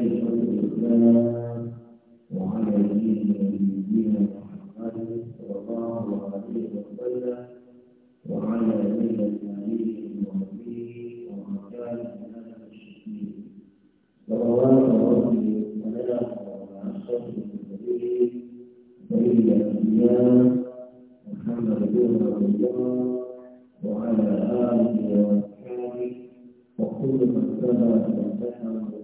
شيخ الإسلام وعلى دين نبينا محمد صلى الله عليه وسلم وعلى ملة عليه وصحبه ومن كان من المشركين صلوات ربي وسلامه على أشرف المرسلين سيد محمد بن الله وعلى آله وأصحابه وكل من سبق من وسلم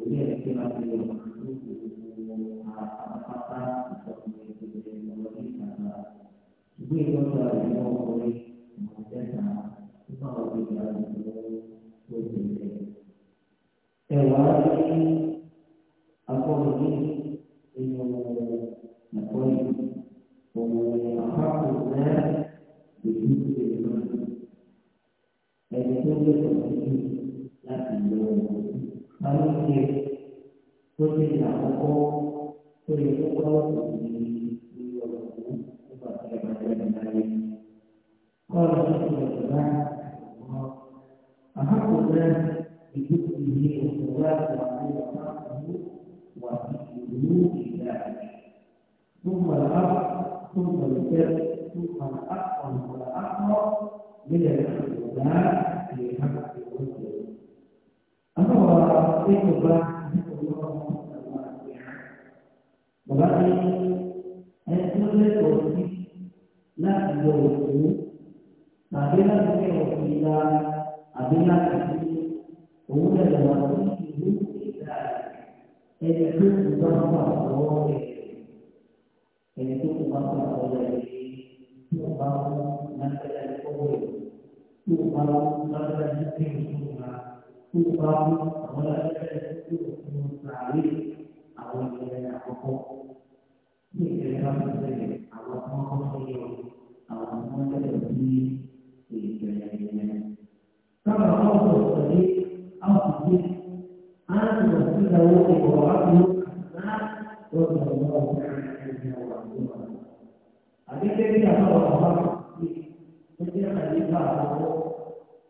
Gracias. ตัวที่หลังก็ตัวที่ก็มีมีอยู่อุปสรรคอะไรต่างๆก็เราจะเรียว่าอาหารคนนั้ีทุกที่มีอุปสรรคอะไรต่างๆว่าที่รู้ที่ได้ทุกมาแล้วทุกมาเจอทุกมาอักอันมาอักเนาะไม่ได้ทำได้ที่ทำได้คนเดียวอันนั้นว่าที่ตัว Bapak ini, ayat kemudian kursi, nak jauhku, nabila kini rohkila, abila kini, umudah jawa kursi, ini kursi utama kursi, ini kursi utama kursi, ini kursi utama kursi, ini kursi utama kursi, ini kursi utama kursi, ini kursi utama kursi, kumpul awal itu mustahil awal dia aku ni kerana saya awal mau saya awal mau saya ini ini ini kalau awal tadi awal ini أنا أقول له وأقول أنا رضي الله تعالى عنه وأرضاه. أبي تبي أنا وأرضاه. تبي خليفة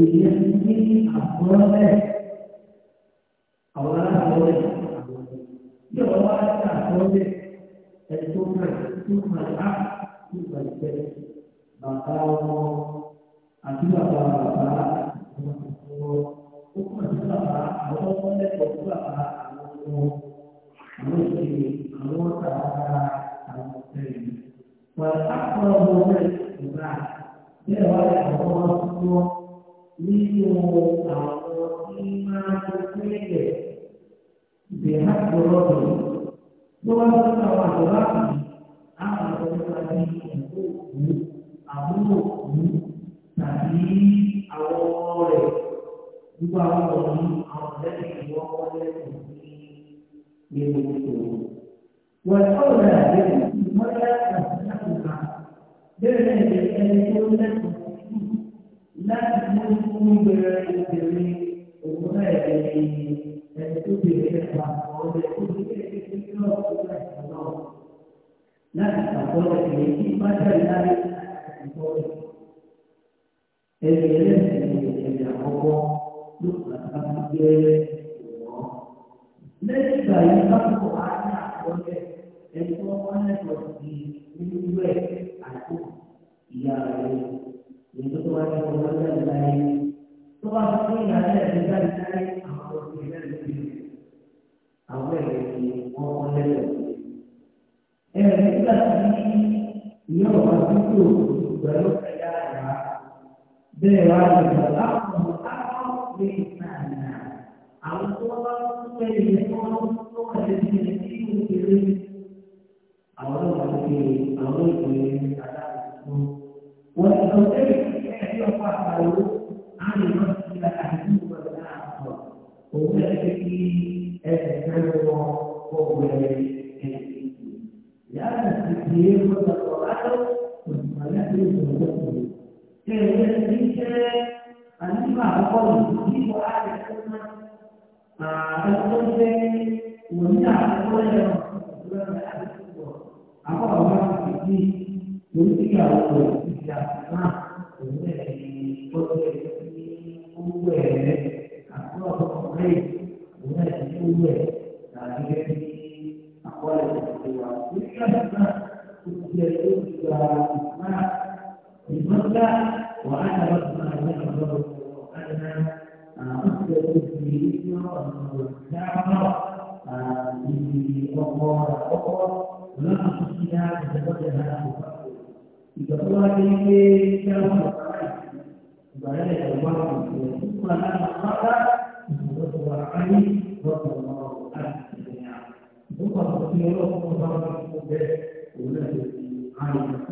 ìyẹn ní nínú àwọn tí máa ń pínlẹ̀ ìbẹ̀rẹ̀ àgbọ̀rọ̀ tó ló wá sí àwọn àgbọ̀rọ̀ àbí àwọn àgbọ̀rọ̀ àbí ìkó òkú àbúrò òkú tàbí àwọn ọmọ rẹ̀ gbogbo àwọn ọmọ yìí àwọn ọ̀rẹ́ ìwọ́ ọ̀rẹ́ òkú ní ewu tó. wọ́n tó rẹ̀ àgbẹ̀rẹ̀ ìmọ̀lẹ́ àti àkùkà bẹ́ẹ̀ ni ẹni tó lẹ́kọ̀ọ́ 那不是一个人，就是不会的。那不是干活的，不是这个工作，不是那个。那干活的，你先观察一下，你说的，这是你前后两个不同的时间，我。那是因为他不挨着我的，他不挨着我的，因为挨着。Allah berkata, ayat di dalam ini, Allah berkata, Allah berkata, Allah berkata, Eh, kita sini, Ia berkata itu, Berlut negara, Dewa yang berlaku, Mengatakan di sana, Allah berkata, Allah berkata, Allah Awal lagi, awal lagi, kata aku. Waktu itu, dia pas lalu, 因为我家孩子多，要，不知道哪的去做，然后我妈妈已经，从小我就不喜欢他。di Bogor atau dalam khususnya di Jawa Tengah atau tiga puluh lagi di Jawa Tengah. Saya dari Jawa Tengah itu mana maka untuk suara kami untuk mengawalkan dunia. Bukan untuk mengawalkan kode, bukan untuk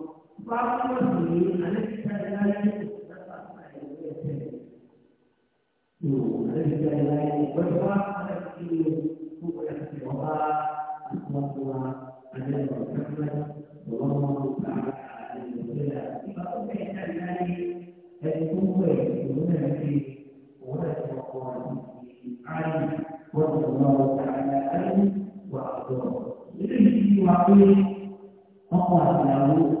Bapak ini anak kita lain dapat saya Tu, anak kita lain berbuat anak ini bukan siapa, asma tua, ada berkat, Allah taala ada berkat. Bapak kita lain dan kuwe guna di orang orang alim, Allah taala alim wa abdur. Ini waktu Allah taala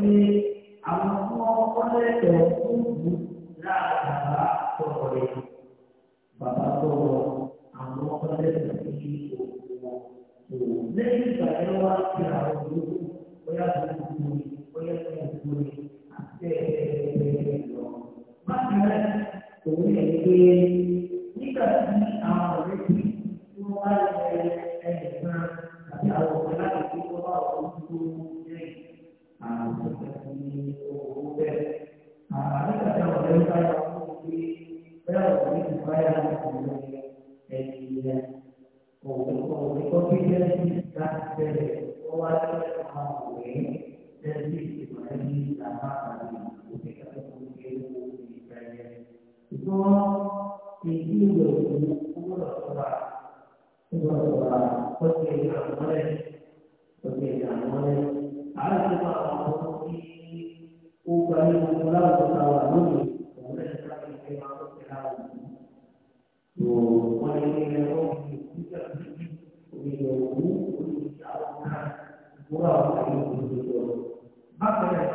pé àwọn fún ọkọ lẹ́tọ̀ọ́ fún ìlú lára bàbá tọrọ rẹ̀ bàbá tọrọ àwọn ọkọ lẹ́tọ̀ọ́ fún ìlú wọn. lẹ́yìn ìgbà yẹn wá sí àwọn olóògùn. 不要着急，不要着急，不要着急。哎呀，我我我，我最近去上班，去，我晚上没回来，在去上班，没下班回来，我这个空间有点窄。你说，你又有工作是吧？工作是吧？都这样子嘞，都这样子嘞，还是把手机，不管有多少。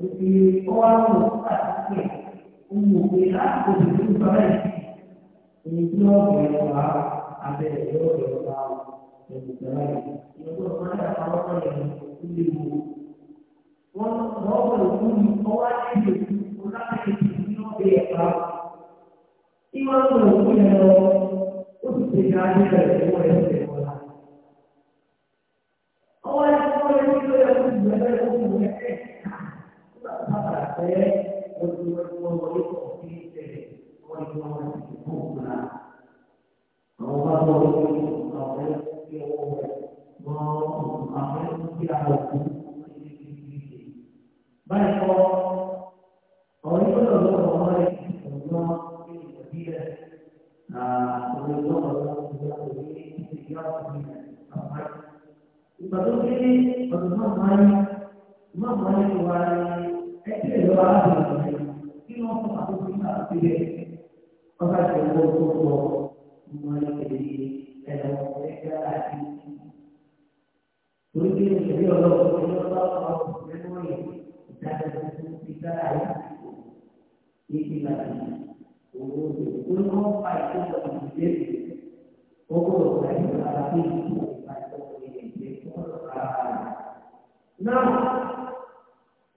Porque qual é o que Como irá conseguir fazer isso? Então, eu vou falar, é até é eu vou falar, eu vou falar, eu vou falar, eu vou falar, eu vou quando roga o mundo, qual é a gente, o nada que não vê a paz. E quando o mundo, o que se dá de vergonha é o que é o Olha, olha, olha, olha, olha, fe è un nuovo riconfite con il nome di Cucula. Non va a morire, non va a morire, non va a morire, ma ecco, ho ricordato loro amore un giorno che per dire come il giorno avevamo studiato lì, si chiamava dire, ma perché quando non mai, non mai trovare ẹ̀jẹ̀ ló bá láti lọ sí kí wọ́n fún àkókò náà sílẹ̀ ọba tó wọ́n tó wọ́ ọmọ ìpèlè ẹ̀rọ ẹ̀jẹ̀ láti torí kí ìṣẹ̀lẹ̀ ọlọ́run tó yọ bá wà ó mẹ́nu rẹ̀ ìdájọ́ tuntun ti dára yá ní ti láti owó rẹ̀ tó ní wọ́n fa ìṣẹ̀lẹ̀ ìdílé rẹ̀ owó rẹ̀ ìgbà tó ń bá ìṣẹ̀lẹ̀ ìdílé rẹ̀ náà.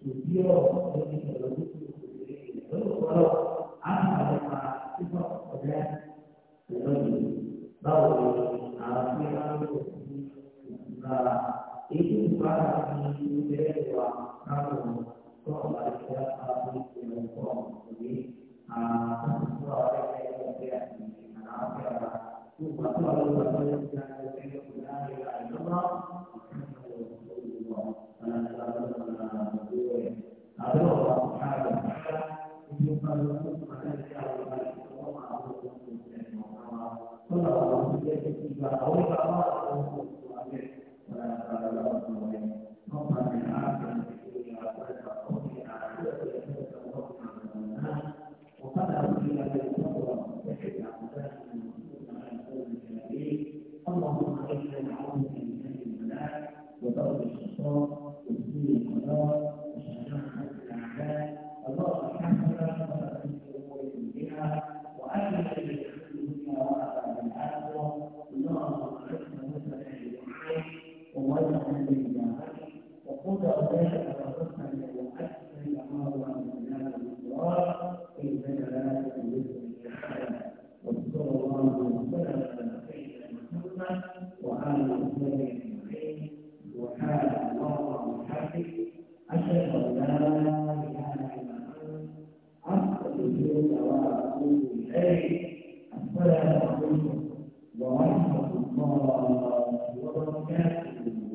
Itu bukan hanya di dalam Thank you.